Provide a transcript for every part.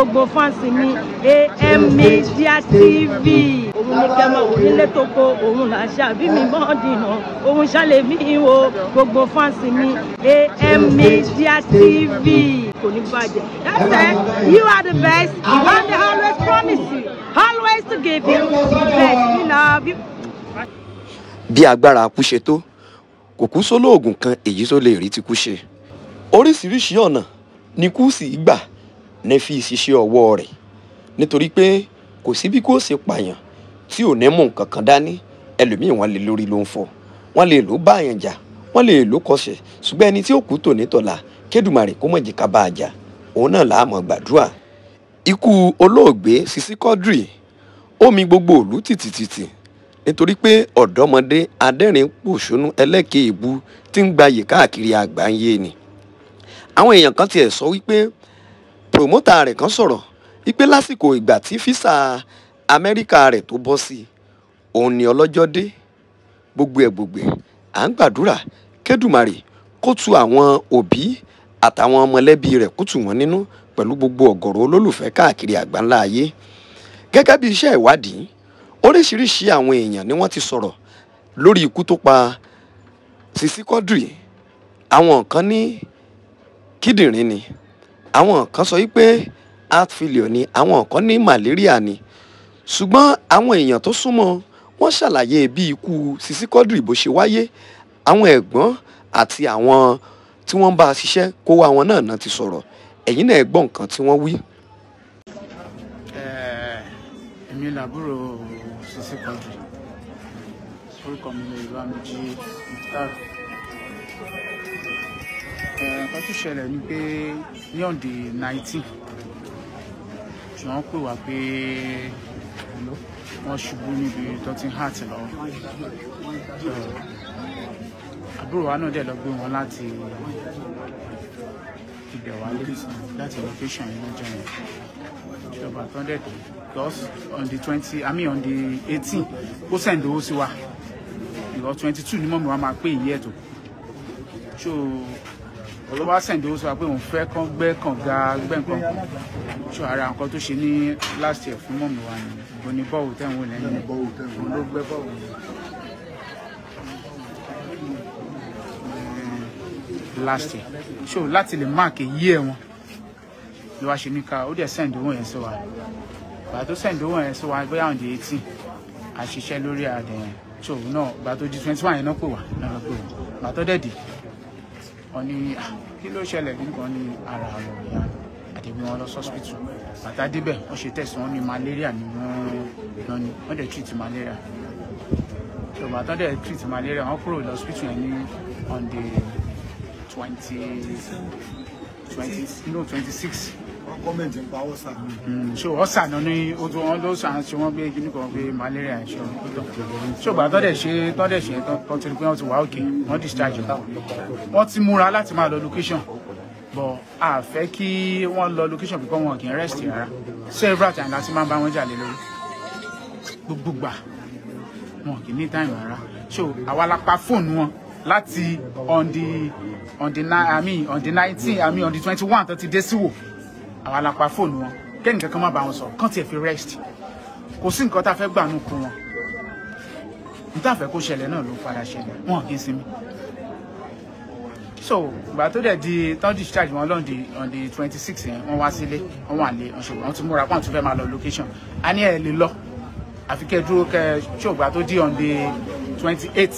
gbogbo fáǹsì mi AM TV òun ní kẹmọ onílé tó kó òun là ṣe àbí mi mọ́ dìnà òun ṣàlẹ̀ mí o gbogbo fáǹsì mi AM TV kò ní bàjẹ́ ẹsẹ̀ you are the best and they always promise you always to give you the best we love you. bí agbára kú ṣe tó kò kú sólóògùn kan èyí tó lè rí ti kú ṣe oríṣiríṣi ọ̀nà ni kú sì gbà nefi ṣiṣẹ́ ọwọ́ rẹ̀ nítorí pé kò sí bí kò ṣe pààyàn tí ò ní mú nǹkan kan dání ẹlòmíì wọn lè lórí ló ń fọ wọn lè ló bá àyàn jà wọn lè ló kọsẹ̀ ṣùgbọ́n ẹni tí ó kú tòní tọ̀la kédùmarè kó mọ̀jì ká bá a jà òun náà làá mọ̀ gbàdúrà. ikú olóògbé Sisi Quadri ó gbogbo ìlú tìtìtìtì nítorí pé ọ̀dọ́mọdé adẹ́rìn pòṣónú ẹlẹ́kẹ̀ẹ́bu ti ń gbayè káàkiri àgbáyé ni àwọn èèyàn kan tiẹ̀ sọ wípé pòmótà rẹ̀ kan sọ̀rọ̀ wípé lásìkò ìgbà tí físà amẹ́ríkà rẹ̀ tó bọ́ sí i òun ni ọlọ́jọ́ dé gbogbo ẹ̀ gbogbo ẹ̀ à ń gbàdúrà kédùmarè kó tu àwọn òbí àtàwọn mọ̀lẹ́bí rẹ̀ kó tù wọ́n nínú pẹ̀lú gbogbo ọ̀gọ̀rọ̀ olólùfẹ́ káàkiri àgbáńlá ayé gẹ́gẹ́ bí iṣẹ́ ìwádìí oríṣiríṣi àwọn èèyàn ni wọ́n ti sọ̀rọ̀ lórí ikú tó pa Sisi Quadri àwọn kan ní kíndìnrín ni àwọn kan sọ wípé heart failure ni àwọn kan ní malaria ni ṣùgbọ́n àwọn èèyàn tó súnmọ́ wọ́n ṣàlàyé bí ikú Sisi Quadri bó ṣe wáyé àwọn ẹ̀gbọ́n àti àwọn tí wọ́n bá a ṣiṣẹ́ kó wá àwọn náà náà ti sọ̀rọ̀ ẹ̀yin náà gbọ́ nǹkan tí wọ́n wí. èmi làbúrò Sisi Quadri orúkọ mi ni ìlú amíjí mukhtar nǹkan tó ṣẹlẹ̀ ni pé ní on the nineteen tí wọ́n pè wá pé wọ́n ṣubú níbi dutton heart lọ àbúrò wa náà dẹ̀ lọ gbé wọn láti ibẹ̀ wá láti location yìí lọ́jọ́ yẹn ìjọba tó ń dẹ̀ plus on the twenty i mean on the eighteen ó send owó sí wa ìrọ̀ twenty two ni mọ̀mọ́ wa máa pé ìyẹ́ tó so ló wá sẹ̀ǹdì ó sọ pé òun fẹ́ kán gbẹ́ kànga gbẹ́ nǹkan kan ara nǹkan tó ṣe ní last year fún mọ̀mí wa ni òun ni bọ́ọ̀lù tẹ̀wọ̀n lẹ́yìn òun ló gbẹ́ bọ́ọ̀lù. Eh, last year so láti lè mark èyí ẹ̀ wọn ló wá ṣe ní ká ó dẹ̀ sẹ̀ǹdì owó yẹn sí wa gbà tó sẹ̀ǹdì owó yẹn sí wa bóyá òun di eighteen àṣìṣe lórí àdẹ̀yẹn so náà gbà tó di twenty one yẹn náà pè wá náà pè wá gbà tó dẹ̀ dì wọ́n ní ah, kí ló ṣẹlẹ̀ nǹkan ní ara ọ̀rọ̀ ìyá àtẹ̀gbẹ́ wọn lọ sọ́spítù bàtà débẹ̀ wọ́n ṣe test wọn ní malaria ni wọ́n ní wọ́n dẹ̀ treat malaria So tó dẹ̀ treat malaria wọ́n kúrò lọ sọ́spítù yẹn ní on the twenty twenty no twenty six comment nípa ọ̀sà. so ọ̀sà náà ni ojú wọn ló sàn ṣe wọ́n gbé kíní kan gbé malaria ṣe wọn tó tọ̀. so gbà tọ́dẹ̀ ṣe tọ́dẹ̀ ṣe tọ́ ti rí pé wọ́n ti wà òkè wọ́n discharge ká wọ́n ti múra láti máa lọ location but a fẹ́ kí wọ́n lọ location pípọ́ wọn kì í rest rárá several times láti máa bá wọn jà lé lórí gbogbo gbà wọn kì í ní time rárá so àwa la pa fóònù wọn láti on the on the I mean on the nineteen I mean on the twenty one thirty ti dé sí àwọn alapa fóònù wọn kẹ́nìkan kan má bá wọn sọ̀rọ̀ kán tiẹ̀ fi rest kò sí nǹkan tá a fẹ́ gbà nù kú wọn níta fẹ́ kó ṣẹlẹ̀ náà ló padà ṣẹlẹ̀ wọn kì í sinmi so ìgbà tó dẹ̀ di tán discharge wọn lọ́n di on the twenty six yẹn wọ́n wá sílé wọ́n wà lé ọ̀ṣọ́gbọ̀n wọ́n tún múra pọ́n tún fẹ́ máa lọ location a ní ẹ̀ lè lọ àfi kẹ́ dúró kẹ́ ṣògbà tó di on the twenty eight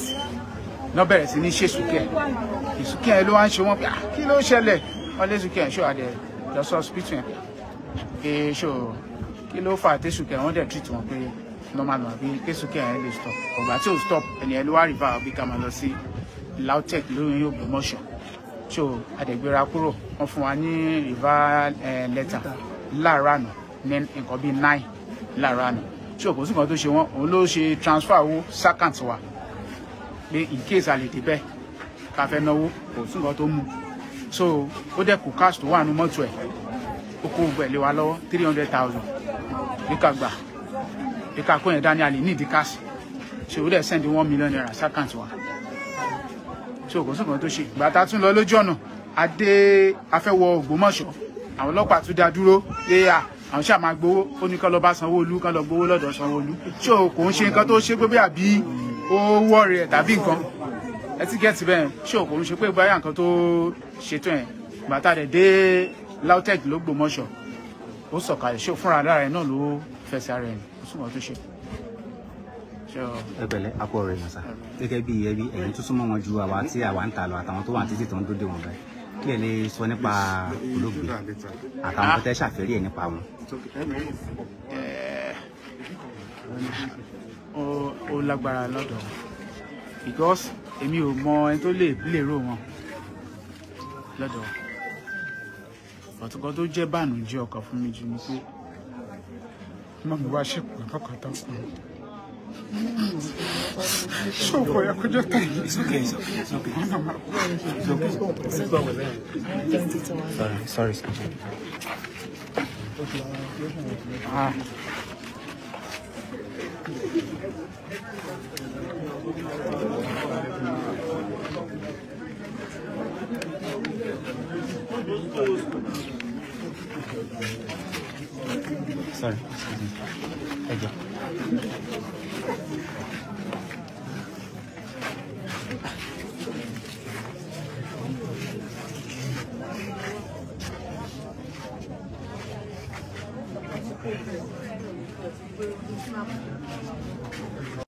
náà bẹ̀rẹ̀ sí ní ṣe sùkẹ́ ìsùkẹ́ ló wá ń ṣe wọ́n pé ah, kí ló ṣẹlẹ̀ wọ́n lé sùkẹ́ ṣọ́ adẹ̀ lọ sí hospital yẹn pé ṣó kí ló fà tẹ̀sùkẹ́ wọ́n dẹ̀ treat wọn pé normal normal bí tẹ̀sùkẹ́ yẹn lè stop ọ̀gbà tí ò stop ẹni ẹni wá rìbá bí ká máa lọ sí LAUTECH lóyún Ògbómọ̀ṣọ́ ṣó àdẹ̀gbéra kúrò wọ́n fún wa ní rìbá eh, letter láàárọ̀ àná ní nǹkan bíi nine láàárọ̀ àná ṣó kò sí nǹkan tó ṣe wọ́n òun ló ṣe transfer owó sákàǹtì wa pé in case a lè débẹ̀ ká náwó kò sí nǹkan tó mú un so ó dẹ̀ kó cash tó wà nù mọ́tò ẹ̀ ó kó wa lọ́wọ́ three hundred thousand ìka gbà ìka kó yẹn dání alẹ́ ní ìdí cash so ó dẹ̀ send one million naira sákàǹtì wa so kò sí nǹkan tó ṣe ìgbà tá a tún lọ lójú ọ̀nà adé afẹ́wọ̀ Ògbómọ̀ṣọ́ àwọn ọlọ́pàá tún dá dúró pé à àwọn ṣáà máa gbowó ó ní kán lọ bá Sanwó-Olú kán lọ gbowó lọ́dọ̀ Sanwó-Olú so kò ń ṣe nǹkan tó ṣe pé bí àbí owó rẹ̀ tàbí nǹkan ẹ ti gẹ̀ẹ́tì bẹ́ẹ̀ ṣé òkò ń ṣe pé báyà nǹkan tó ṣètò ẹ̀ bàtà rẹ̀ dé lautech ló gbòmọ̀ṣọ̀ ó sọ̀kalẹ̀ ṣé fúnra lára ẹ̀ náà ló fẹsẹ̀ ara ẹ̀ ó súnmọ́ tó ṣe. ẹ pẹ̀lẹ́ àpò rẹ nà sá gẹ́gẹ́ bí ẹbí ẹ̀yin tó súnmọ́ wọn ju àwa tí àwa ń ta lọ àtàwọn tó wà títí tó ń dóde wọn báyìí kí ẹ lè sọ nípa olóògbé àtàwọn tó tẹ ṣàfẹ́rí ẹ̀ nípa wọn. ó lágbára lọ́dọ̀ because èmi ò mọ ẹni tó lè lérò wọn lọ́dọ̀ ọ̀túnkọ́ tó jẹ́ bànújẹ́ ọkàn fún mi jù ni pé má mi wá ṣèpọ̀ kọ́kọ́ tán kù. Ṣòwò ẹ̀ kọjá tán yìí. Sorry, sorry. Ah. Sorry, excuse me. Thank you. Thank you will come